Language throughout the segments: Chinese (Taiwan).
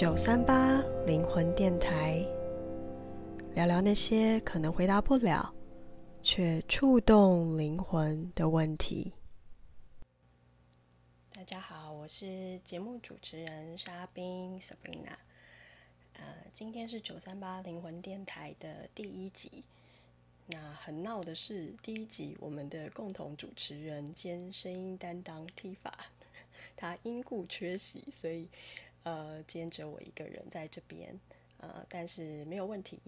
九三八靈魂電台，聊聊那些可能回答不了，卻觸動靈魂的問題。大家好，我是節目主持人莎賓 Sabrina。呃，今天是九三八靈魂電台的第一集。那很鬧的是，第一集我們的共同主持人兼聲音擔當 Tifa，他因故缺席，所以。呃，今天只有我一個人在這邊，呃，但是沒有問題。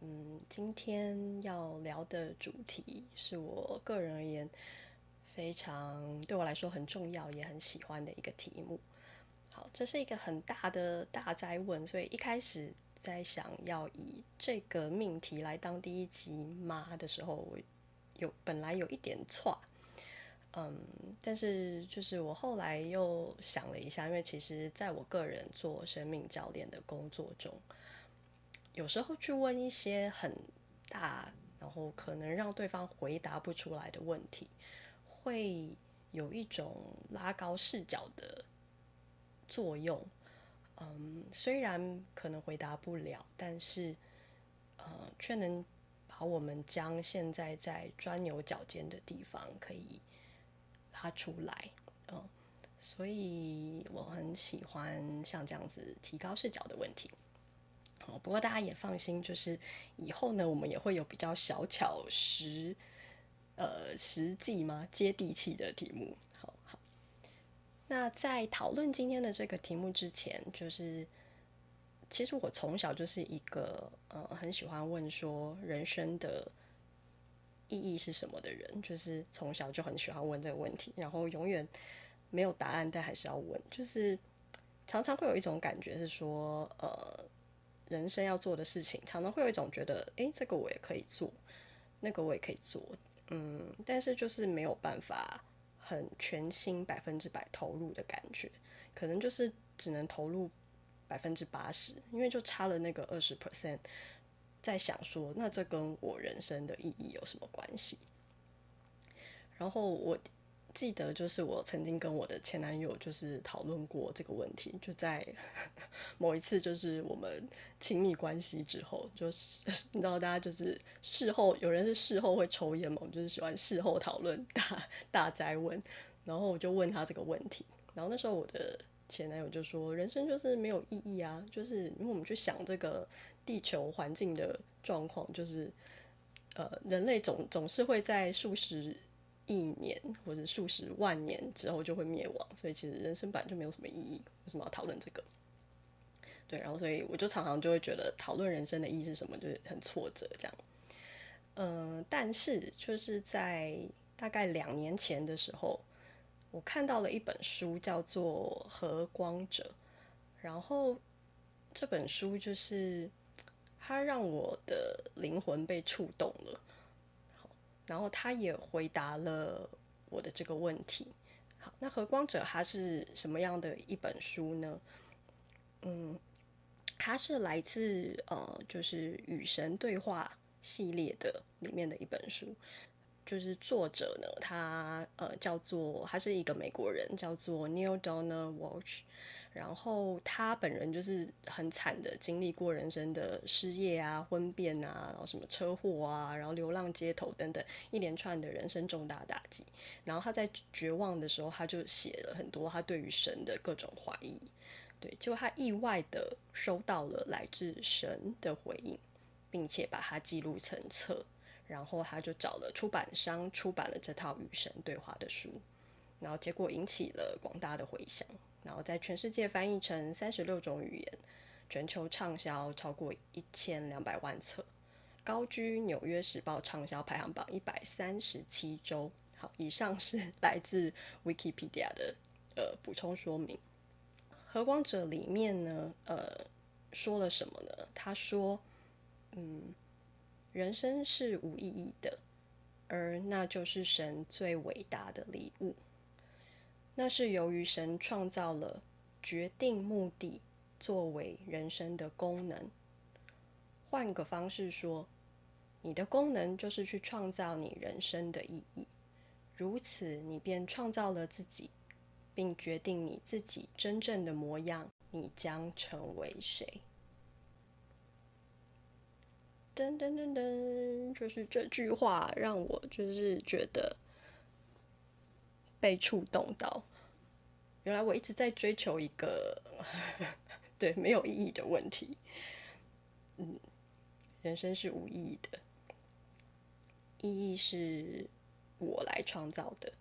嗯，今天要聊的主題是我個人而言非常對我來說很重要，也很喜歡的一個題目。好，這是一個很大的大哉問，所以一開始在想要以這個命題來當第一集媽的時候，我有本來有一點錯。嗯，但是就是我後來又想了一下，因為其實在我個人做生命教練的工作中，有時候去問一些很大，然後可能讓對方回答不出來的問題，會有一種拉高視角的作用。嗯，雖然可能回答不了，但是呃，卻、嗯、能把我們將現在在鑽牛角尖的地方可以。他出來，嗯，所以我很喜歡像這樣子提高視角的問題。哦，不過大家也放心，就是以後呢，我們也會有比較小巧實，呃，實際嘛，接地氣的題目。好好。那在討論今天的這個題目之前，就是其實我從小就是一個，呃，很喜歡問說人生的。意義是什麼的人，就是從小就很喜歡問這個問題，然後永遠沒有答案，但還是要問。就是常常會有一種感覺是說，呃，人生要做的事情，常常會有一種覺得，誒、欸，這個我也可以做，那個我也可以做，嗯，但是就是沒有辦法很全心百分之百投入的感覺，可能就是只能投入百分之八十，因為就差了那個二十 percent。在想說，那這跟我人生的意義有什麼關係？然後我記得，就是我曾經跟我的前男友就是討論過這個問題，就在某一次就是我們親密關係之後，就是你知道，大家就是事後有人是事後會抽煙嘛，我們就是喜歡事後討論大大哉問，然後我就問他這個問題，然後那時候我的前男友就說，人生就是沒有意義啊，就是因為我們去想這個。地球環境的狀況就是，呃，人類總總是會在數十億年或者數十萬年之後就會滅亡，所以其實人生本來就沒有什麼意義，為什麼要討論這個？對，然後所以我就常常就會覺得討論人生的意義是什麼，就是很挫折這樣。嗯、呃，但是就是在大概兩年前的時候，我看到了一本書，叫做《和光者》，然後這本書就是。他讓我的靈魂被觸動了，好，然後他也回答了我的這個問題。好，那《何光者》它是什麼樣的一本書呢？嗯，它是來自呃，就是與神對話系列的裡面的一本書。就是作者呢，他呃叫做他是一個美國人，叫做 Neil Donald Walsh。然後他本人就是很慘的，經歷過人生的失業啊、婚變啊，然後什麼車禍啊，然後流浪街頭等等一連串的人生重大打擊。然後他在絕望的時候，他就寫了很多他對於神的各種懷疑，對，就他意外的收到了來自神的回應，並且把它記錄成冊，然後他就找了出版商出版了這套與神對話的書。然後結果引起了廣大的回響，然後在全世界翻譯成三十六種語言，全球暢銷超過一千兩百萬冊，高居《紐約時報》暢銷排行榜一百三十七周。好，以上是來自 Wikipedia 的呃補充說明。《和光者》裡面呢，呃，說了什麼呢？他說：“嗯，人生是無意義的，而那就是神最偉大的禮物。”那是由於神創造了決定目的作為人生的功能。換個方式說，你的功能就是去創造你人生的意義。如此，你便創造了自己，並決定你自己真正的模樣。你將成為誰？噔噔噔噔，就是這句話讓我就是覺得。被觸動到，原來我一直在追求一個 對，沒有意義的問題。嗯，人生是無意義的，意義是我來創造的。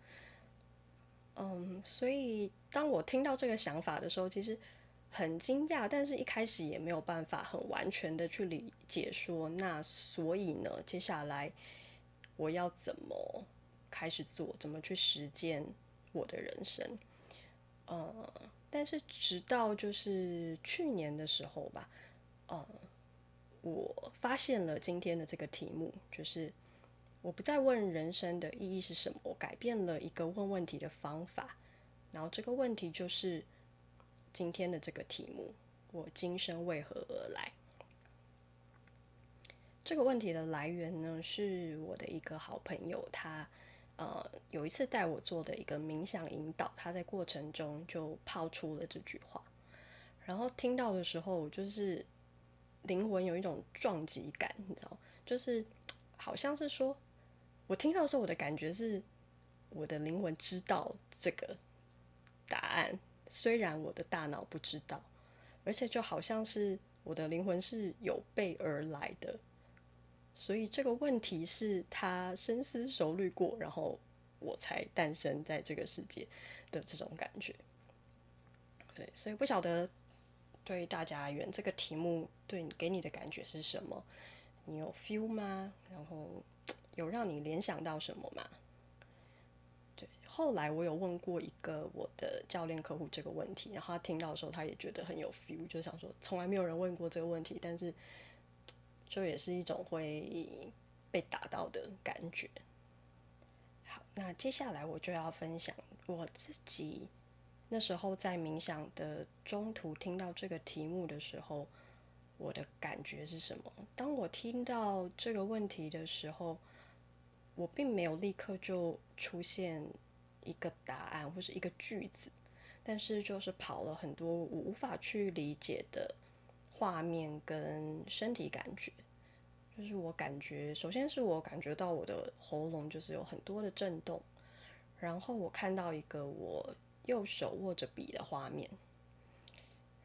嗯，所以當我聽到這個想法的時候，其實很驚訝，但是一開始也沒有辦法很完全的去理解說，說那所以呢，接下來我要怎麼？開始做怎麼去實踐我的人生，呃、嗯，但是直到就是去年的時候吧，呃、嗯，我發現了今天的這個題目，就是我不再問人生的意義是什麼，我改變了一個問問題的方法，然後這個問題就是今天的這個題目：我今生為何而來？這個問題的來源呢，是我的一個好朋友他，呃，有一次帶我做的一個冥想引導，他在過程中就拋出了這句話，然後聽到的時候，就是靈魂有一種撞擊感，你知道，就是好像是說，我聽到的時候，我的感覺是，我的靈魂知道這個答案，雖然我的大腦不知道，而且就好像是我的靈魂是有備而來的。所以這個問題是他深思熟慮過，然後我才誕生在這個世界的這種感覺。對，所以不曉得對大家而言，這個題目，對你給你的感覺是什麼？你有 feel 嗎？然後有讓你聯想到什麼嗎？對，後來我有問過一個我的教練客戶這個問題，然後他聽到的時候他也覺得很有 feel，就想說從來沒有人問過這個問題，但是。就也是一種會被打到的感覺。好，那接下來我就要分享我自己那時候在冥想的中途聽到這個題目的時候，我的感覺是什麼？當我聽到這個問題的時候，我並沒有立刻就出現一個答案或是一個句子，但是就是跑了很多我無法去理解的。畫面跟身體感覺，就是我感覺，首先是我感覺到我的喉嚨就是有很多的震動，然後我看到一個我右手握着筆的畫面，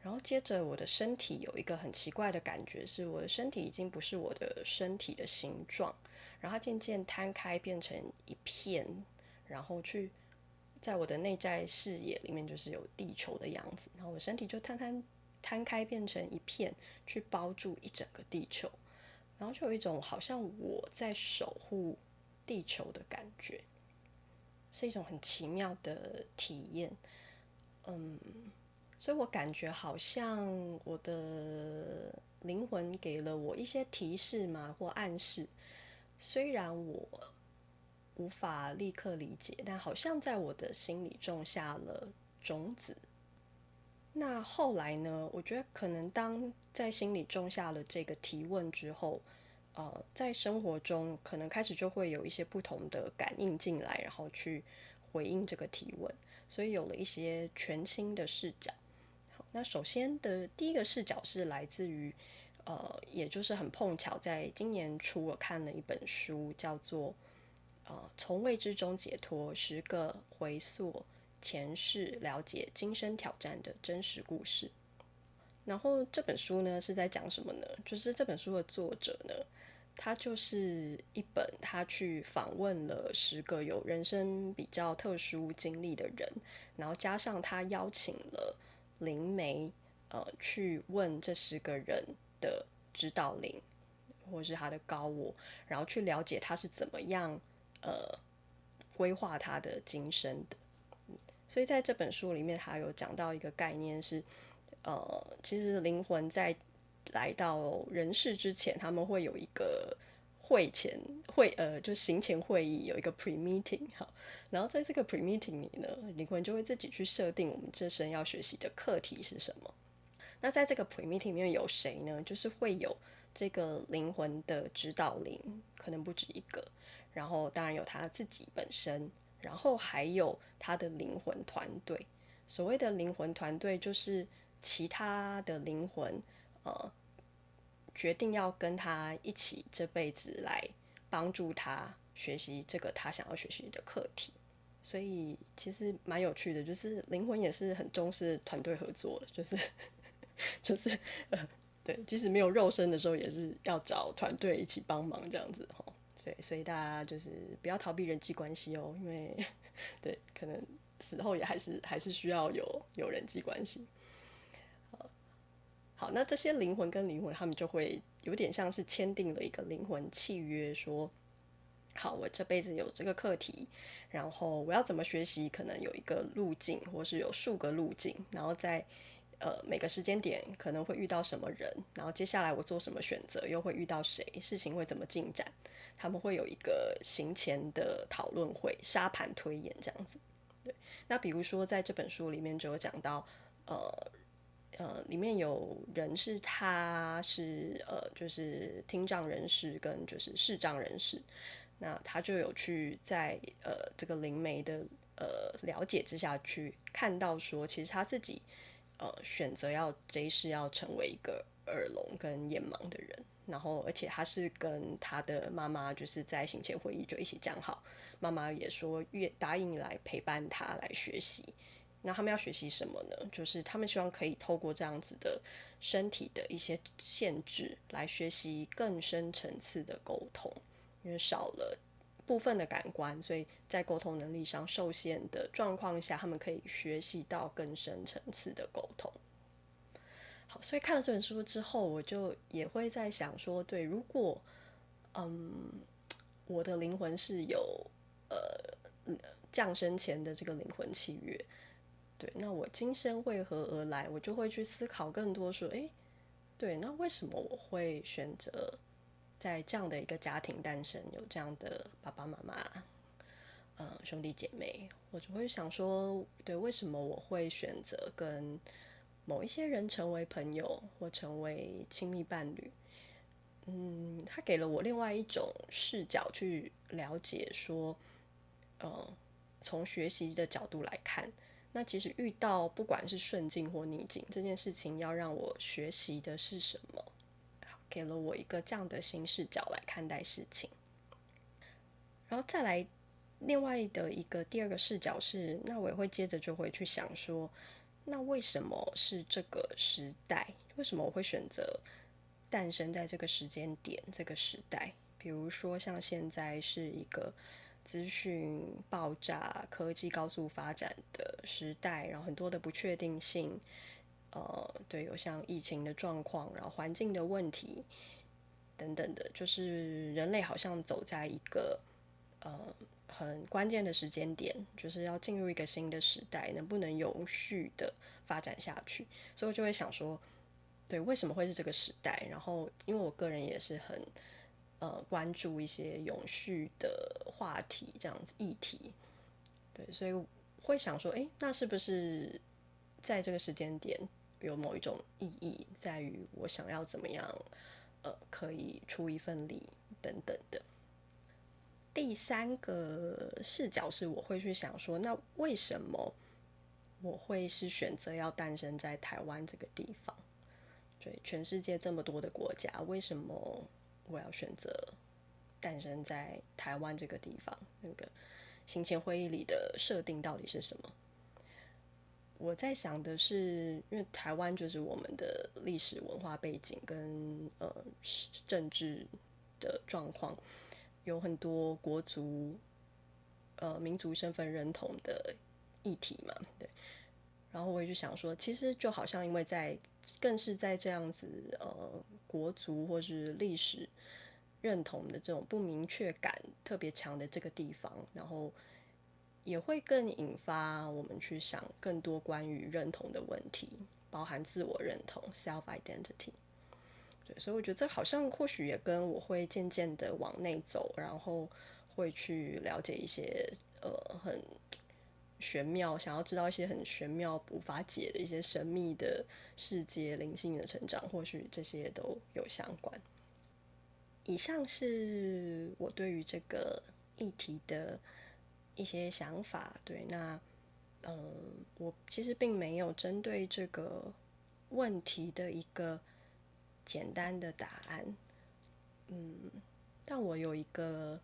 然後接着我的身體有一個很奇怪的感覺，是我的身體已經不是我的身體的形狀，然後它漸漸攤開變成一片，然後去在我的內在視野裡面就是有地球的樣子，然後我身體就攤攤。攤開變成一片，去包住一整個地球，然後就有一種好像我在守護地球的感覺，是一種很奇妙的體驗。嗯，所以我感覺好像我的靈魂給了我一些提示，嘛，或暗示，雖然我無法立刻理解，但好像在我的心裡種下了種子。那後來呢？我覺得可能當在心裡種下了這個提問之後，呃，在生活中可能開始就會有一些不同的感應進來，然後去回應這個提問，所以有了一些全新的視角。好，那首先的第一個視角是來自於，呃，也就是很碰巧在今年初，我看了一本書，叫做，呃，《從未知中解脫：十個回溯》前世了解今生挑戰的真實故事，然後這本書呢是在講什麼呢？就是這本書的作者呢，他就是一本他去訪問了十個有人生比較特殊經歷的人，然後加上他邀請了靈媒呃，去問這十個人的指導靈或是他的高我，然後去了解他是怎麼樣呃，規劃他的今生的。所以在這本書裡面，他有講到一個概念是，呃，其實靈魂在來到人世之前，他們會有一個會前會，呃，就行前會議有一個 pre-meeting 哈。然後在這個 pre-meeting 裡呢，靈魂就會自己去設定我們這生要學習的課題是什麼？那在這個 pre-meeting 裡面有誰呢？就是會有這個靈魂的指導靈，可能不止一個。然後當然有他自己本身，然後還有他的靈魂團隊，所謂的靈魂團隊就是其他的靈魂，呃，決定要跟他一起這輩子來幫助他學習這個他想要學習的課題。所以其實蠻有趣的，就是靈魂也是很重視團隊合作的，就是就是呃，對，即使沒有肉身的時候，也是要找團隊一起幫忙這樣子。對，所以大家就是不要逃避人際關係哦，因為，對，可能死後也還是還是需要有有人際關係。好好，那這些靈魂跟靈魂，他們就會有點像是簽訂了一個靈魂契約，說，好，我這輩子有這個課題，然後我要怎麼學習，可能有一個路徑，或是有數個路徑，然後再。呃，每個時間點可能會遇到什麼人，然後接下來我做什麼選擇，又會遇到誰，事情會怎麼進展？他們會有一個行前的討論會、沙盤推演這樣子。對，那比如說在這本書裡面就有講到，呃呃，裡面有人是他是呃，就是聽障人士跟就是視障人士，那他就有去在呃這個靈媒的呃了解之下去看到說，其實他自己。呃、嗯，選擇要這一世，要成為一個耳聾跟眼盲的人，然後，而且他是跟他的媽媽就是在行前會議就一起講好，媽媽也說願答應來陪伴他來學習。那他們要學習什麼呢？就是他們希望可以透過這樣子的身體的一些限制來學習更深層次的溝通，因為少了部分的感官，所以在溝通能力上受限的狀況下，他們可以學習到更深層次的溝通。好，所以看了這本書之後，我就也會在想說，對，如果，嗯，我的靈魂是有呃，降生前的這個靈魂契約，對，那我今生為何而來？我就會去思考更多，說，誒，對，那為什麼我會選擇？在這樣的一個家庭誕生，有這樣的爸爸媽媽，呃、嗯，兄弟姐妹，我就會想說，對，為什麼我會選擇跟某一些人成為朋友或成為親密伴侶？嗯，他給了我另外一種視角去了解，說，呃、嗯，從學習的角度來看，那其實遇到不管是順境或逆境，這件事情要讓我學習的是什麼？給了我一個這樣的新視角來看待事情，然後再來另外的一個，一個第二個視角是，那我也會接着就會去想說，那為什麼是這個時代？為什麼我會選擇誕生在這個時間點、這個時代？比如說像現在是一個資訊爆炸、科技高速發展的時代，然後很多的不確定性。呃，對，有像疫情的狀況，然後環境的問題等等的，就是人類好像走在一個呃很關鍵的時間點，就是要進入一個新的時代，能不能永續的發展下去？所以我就會想說，對，為什麼會是這個時代？然後因為我個人也是很呃關注一些永續的話題這樣子議題，對，所以會想說，哎，那是不是在這個時間點？有某一種意義，在於我想要怎麼樣，呃，可以出一份力等等的。第三個視角是我會去想說，那為什麼我會是選擇要誕生在台灣這個地方？對，全世界這麼多的國家，為什麼我要選擇誕生在台灣這個地方？那個行前會議裡的設定到底是什麼？我在想的是，因為台灣就是我們的歷史文化背景跟呃政治的狀況，有很多國族呃民族身份認同的議題嘛，對。然後我也就想說，其實就好像因為在更是在這樣子呃國族或是歷史認同的這種不明確感特別強的這個地方，然後。也會更引發我們去想更多關於認同的問題，包含自我認同 （self identity）。對，所以我覺得這好像或許也跟我會漸漸地往內走，然後會去了解一些呃很玄妙，想要知道一些很玄妙、無法解的一些神秘的世界、靈性的成長，或許這些都有相關。以上是我對於這個議題的。一些想法，對，那，嗯、呃，我其實並沒有針對這個問題的一個簡單的答案，嗯，但我有一個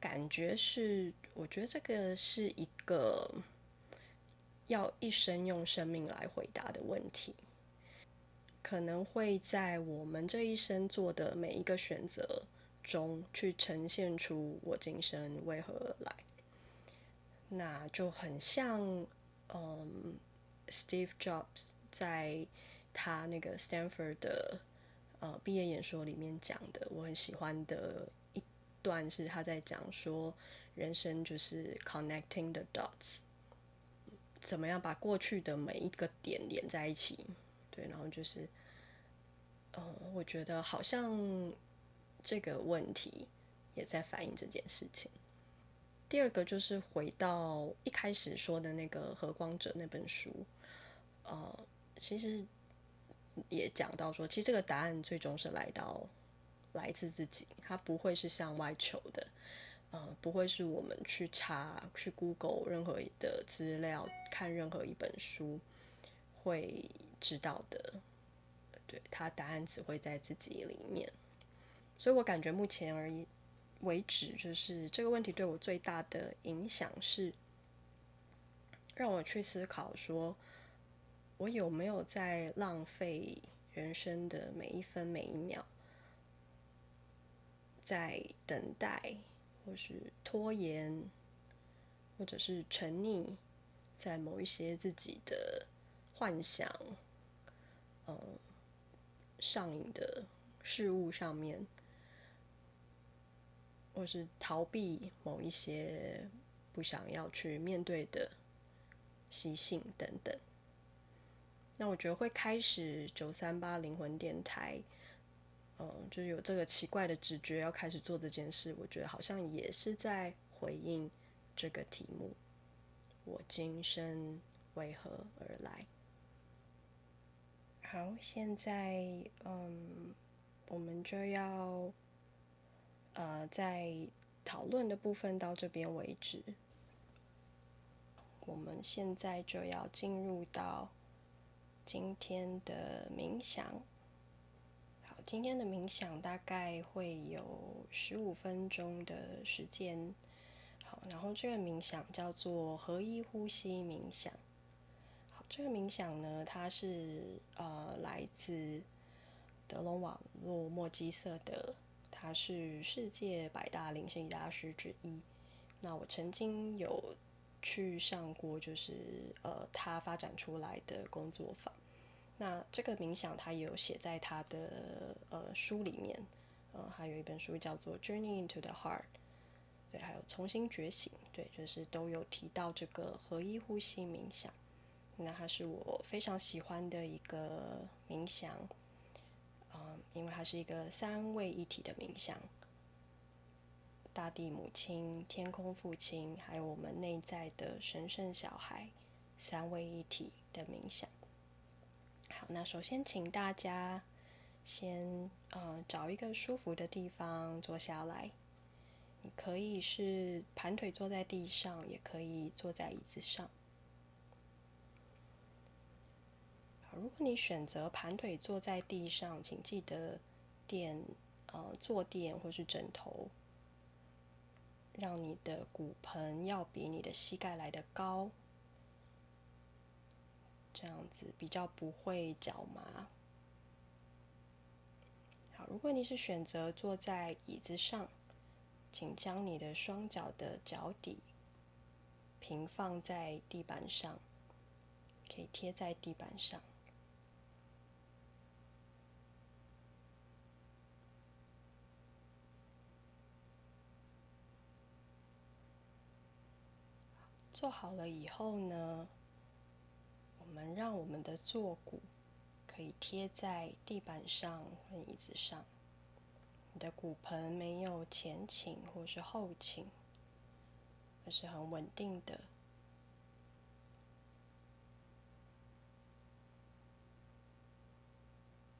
感覺是，我覺得這個是一個要一生用生命來回答的問題，可能會在我們這一生做的每一個選擇中，去呈現出我今生為何而來。那就很像，嗯，Steve Jobs 在他那個 Stanford 的呃畢業演說裡面講的，我很喜歡的一段是他在講說，人生就是 connecting the dots，怎麼樣把過去的每一個點連在一起？對，然後就是，哦、呃，我覺得好像這個問題也在反映這件事情。第二個就是回到一開始說的那個《和光者》那本書，呃，其實也講到說，其實這個答案最終是來到來自自己，它不會是向外求的，呃，不會是我們去查去 Google 任何的資料，看任何一本書會知道的，對，它答案只會在自己裡面，所以我感覺目前而已。為止，就是這個問題對我最大的影響是，讓我去思考，說，我有沒有在浪費人生的每一分每一秒，在等待，或是拖延，或者是沉溺在某一些自己的幻想、呃、嗯、上癮的事物上面。或是逃避某一些不想要去面對的習性等等，那我覺得會開始九三八靈魂電台，嗯，就有這個奇怪的直覺要開始做這件事，我覺得好像也是在回應這個題目，我今生為何而來？好，現在嗯，我們就要。呃，在討論的部分到這邊為止，我們現在就要進入到今天的冥想。好，今天的冥想大概會有十五分鐘的時間。好，然後這個冥想叫做合一呼吸冥想。好，這個冥想呢，它是呃來自德隆瓦洛墨基瑟德。他是世界百大靈性大師之一。那我曾經有去上過，就是呃他發展出來的工作坊。那這個冥想它它，他有寫在他的呃書裡面，呃還有一本書叫做《Journey into the Heart》，對，還有《重新覺醒》，對，就是都有提到這個合一呼吸冥想。那他是我非常喜歡的一個冥想。因為它是一個三位一體的冥想，大地母親、天空父親，還有我們內在的神聖小孩，三位一體的冥想。好，那首先請大家先嗯、呃、找一個舒服的地方坐下來，你可以是盤腿坐在地上，也可以坐在椅子上。如果你選擇盤腿坐在地上，請記得墊呃坐墊或是枕頭，讓你的骨盆要比你的膝蓋來得高，這樣子比較不會腳麻。好，如果你是選擇坐在椅子上，請將你的雙腳的腳底平放在地板上，可以貼在地板上。做好了以後呢，我們讓我們的坐骨可以貼在地板上或椅子上，你的骨盆沒有前傾或是後傾，而是很穩定的，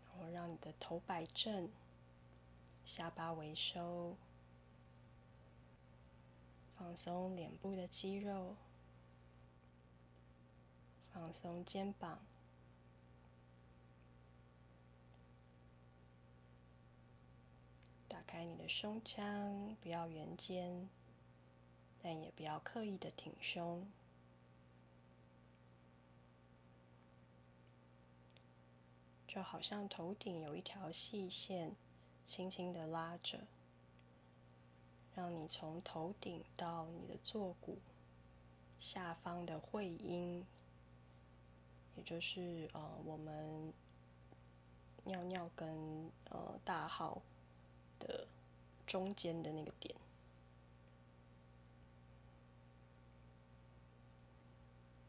然後讓你的頭擺正，下巴微收。放鬆臉部的肌肉，放鬆肩膀，打開你的胸腔，不要圓肩，但也不要刻意的挺胸，就好像頭頂有一條細線，輕輕的拉着。讓你從頭頂到你的坐骨下方的會陰，也就是呃我們尿尿跟呃大號的中間的那個點，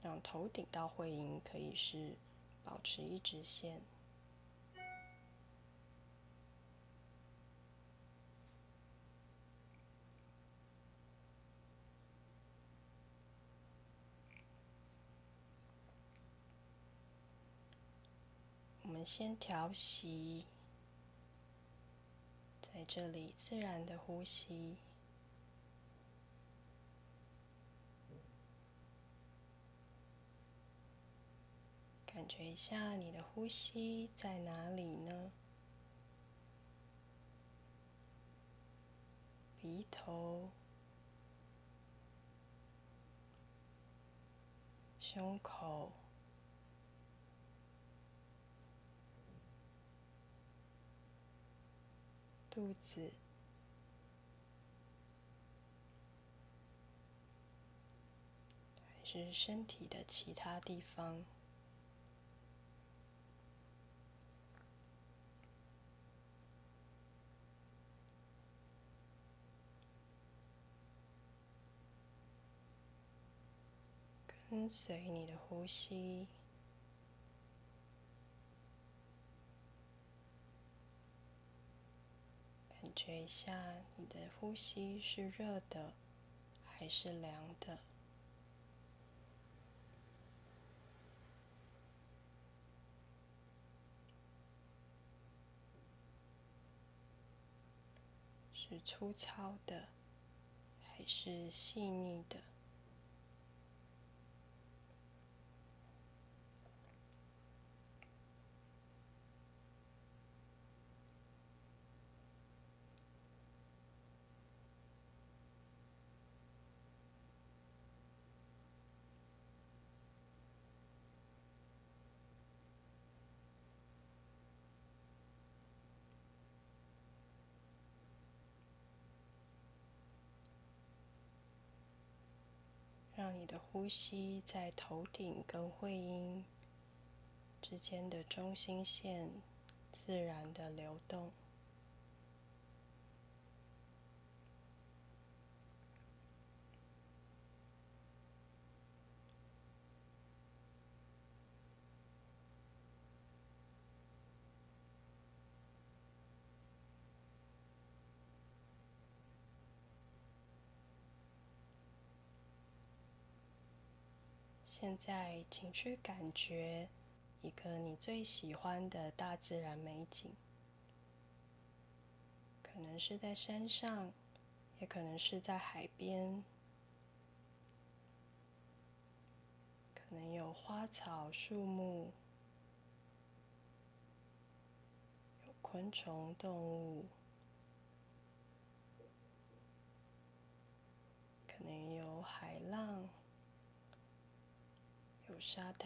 讓頭頂到會陰可以是保持一直線。先調息，在這裡自然的呼吸，感覺一下你的呼吸在哪裡呢？鼻頭，胸口。肚子，還是身體的其他地方？跟隨你的呼吸。感覺一下，你的呼吸是熱的還是涼的？是粗糙的還是細膩的？讓你的呼吸在頭頂跟會陰之間的中心線自然的流動。現在，請去感覺一個你最喜歡的大自然美景，可能是在山上，也可能是在海邊，可能有花草樹木，有昆蟲動物，可能有海浪。有沙灘，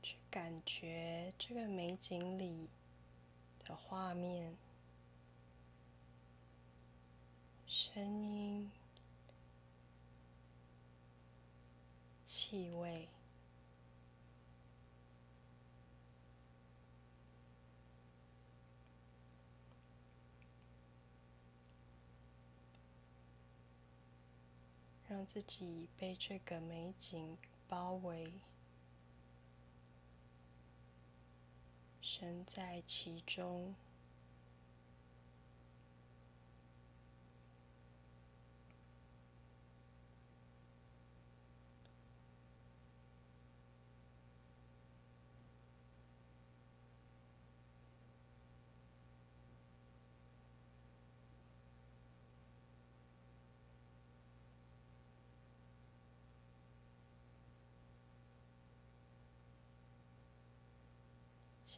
去感覺這個美景裡的畫面、聲音、氣味。讓自己被這個美景包圍，身在其中。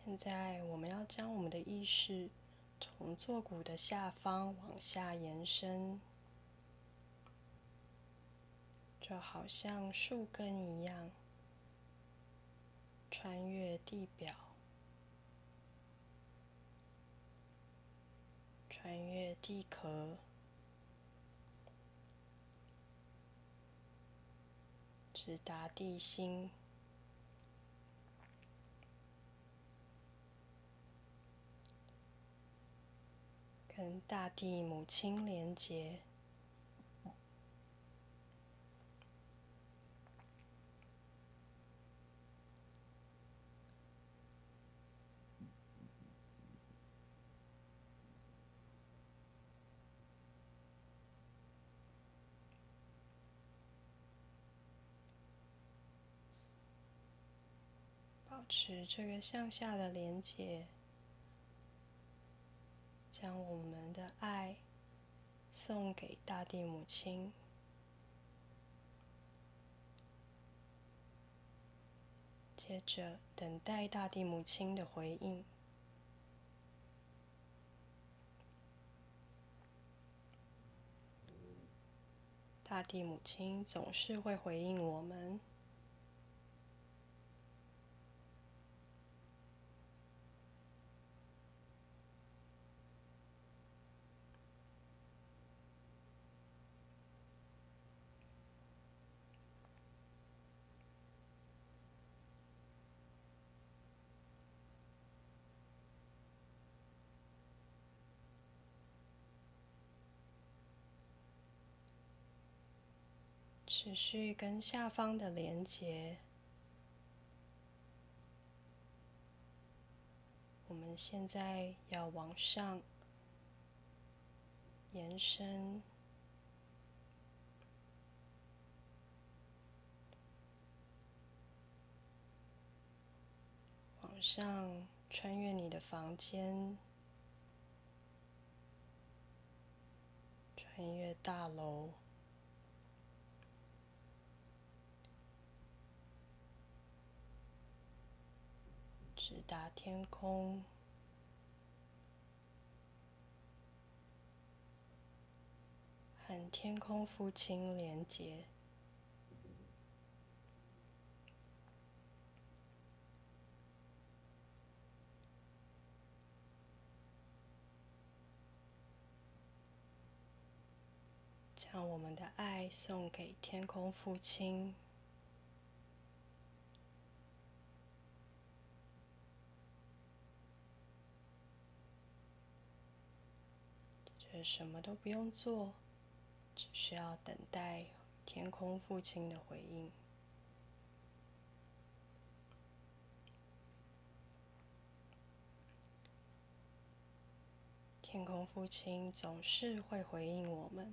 現在，我們要將我們的意識從坐骨的下方往下延伸，就好像樹根一樣，穿越地表，穿越地殼，直達地心。跟大地母親連結，保持這個向下的連結。將我們的愛送給大地母親，接着等待大地母親的回應。大地母親總是會回應我們。持續跟下方的連接，我們現在要往上延伸，往上穿越你的房間，穿越大樓。直達天空，和天空父親連接，將我們的愛送給天空父親。什麼都不用做，只需要等待天空父親的回應。天空父親總是會回應我們。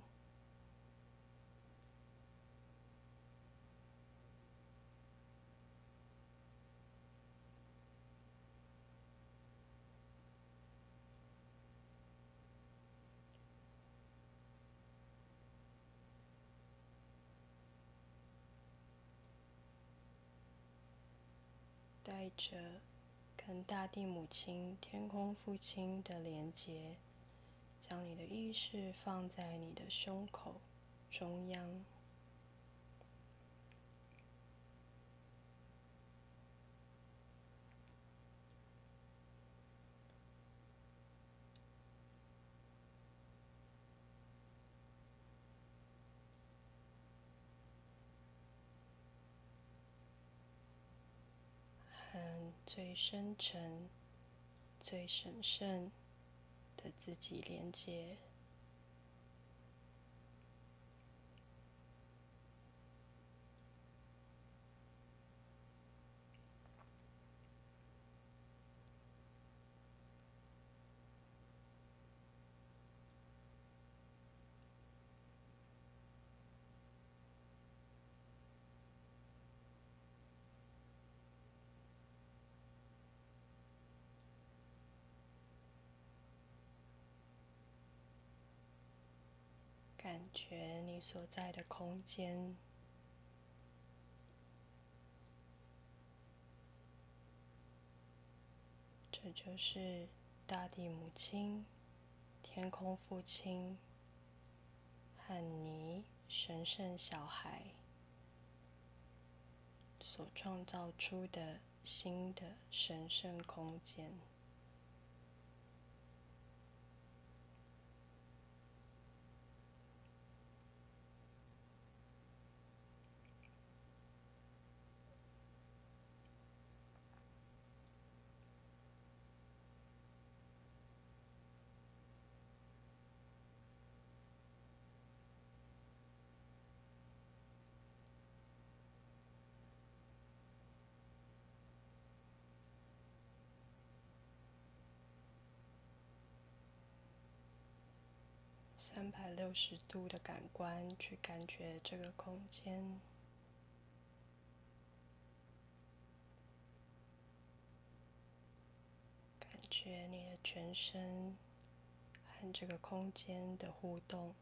着跟大地母親、天空父親的連結，將你的意識放在你的胸口中央。最深沉、最神聖的自己連接。全你所在的空間，這就是大地母親、天空父親和你神聖小孩所創造出的新的神聖空間。三百六十度的感官去感覺這個空間，感覺你的全身和這個空間的互動。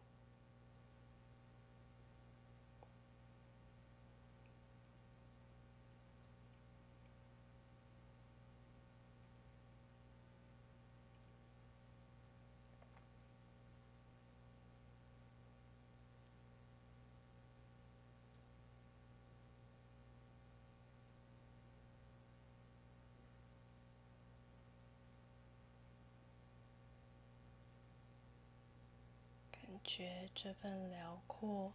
感覺這份遼闊，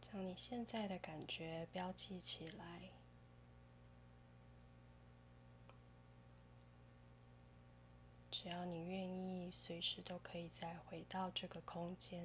將你現在的感覺標記起來。只要你願意，隨時都可以再回到這個空間。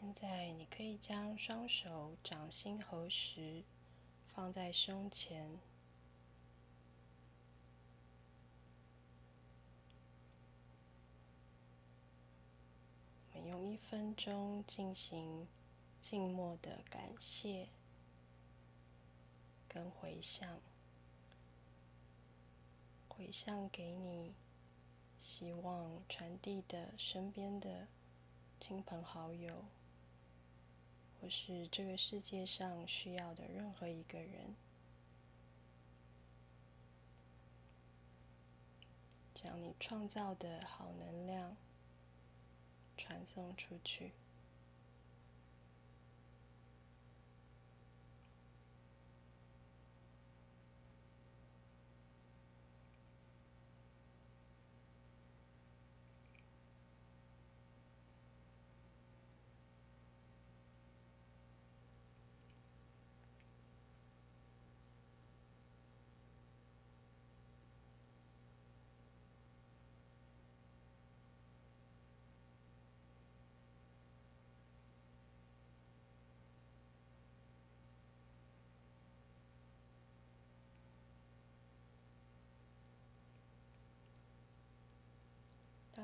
現在，你可以將雙手掌心合十。放在胸前，我們用一分鐘進行靜默的感謝跟回向，回向給你，希望傳遞的身邊的親朋好友。就是這個世界上需要的任何一個人，將你創造的好能量傳送出去。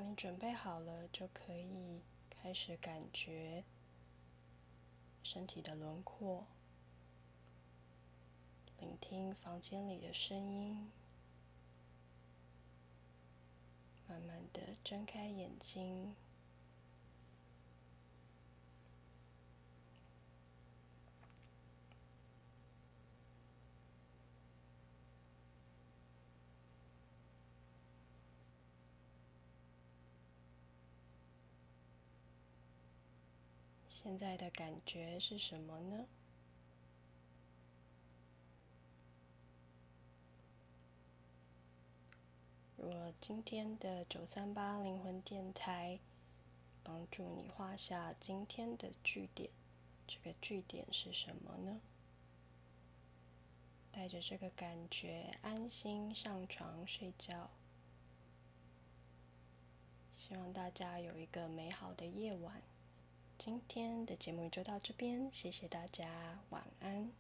當你準備好了，就可以開始感覺身體的輪廓，聆聽房間裡的聲音，慢慢的睜開眼睛。現在的感覺是什麼呢？如果今天的九三八靈魂電台幫助你畫下今天的句點，這個句點是什麼呢？帶着這個感覺安心上床睡覺，希望大家有一個美好的夜晚。今天的節目就到這邊，謝謝大家，晚安。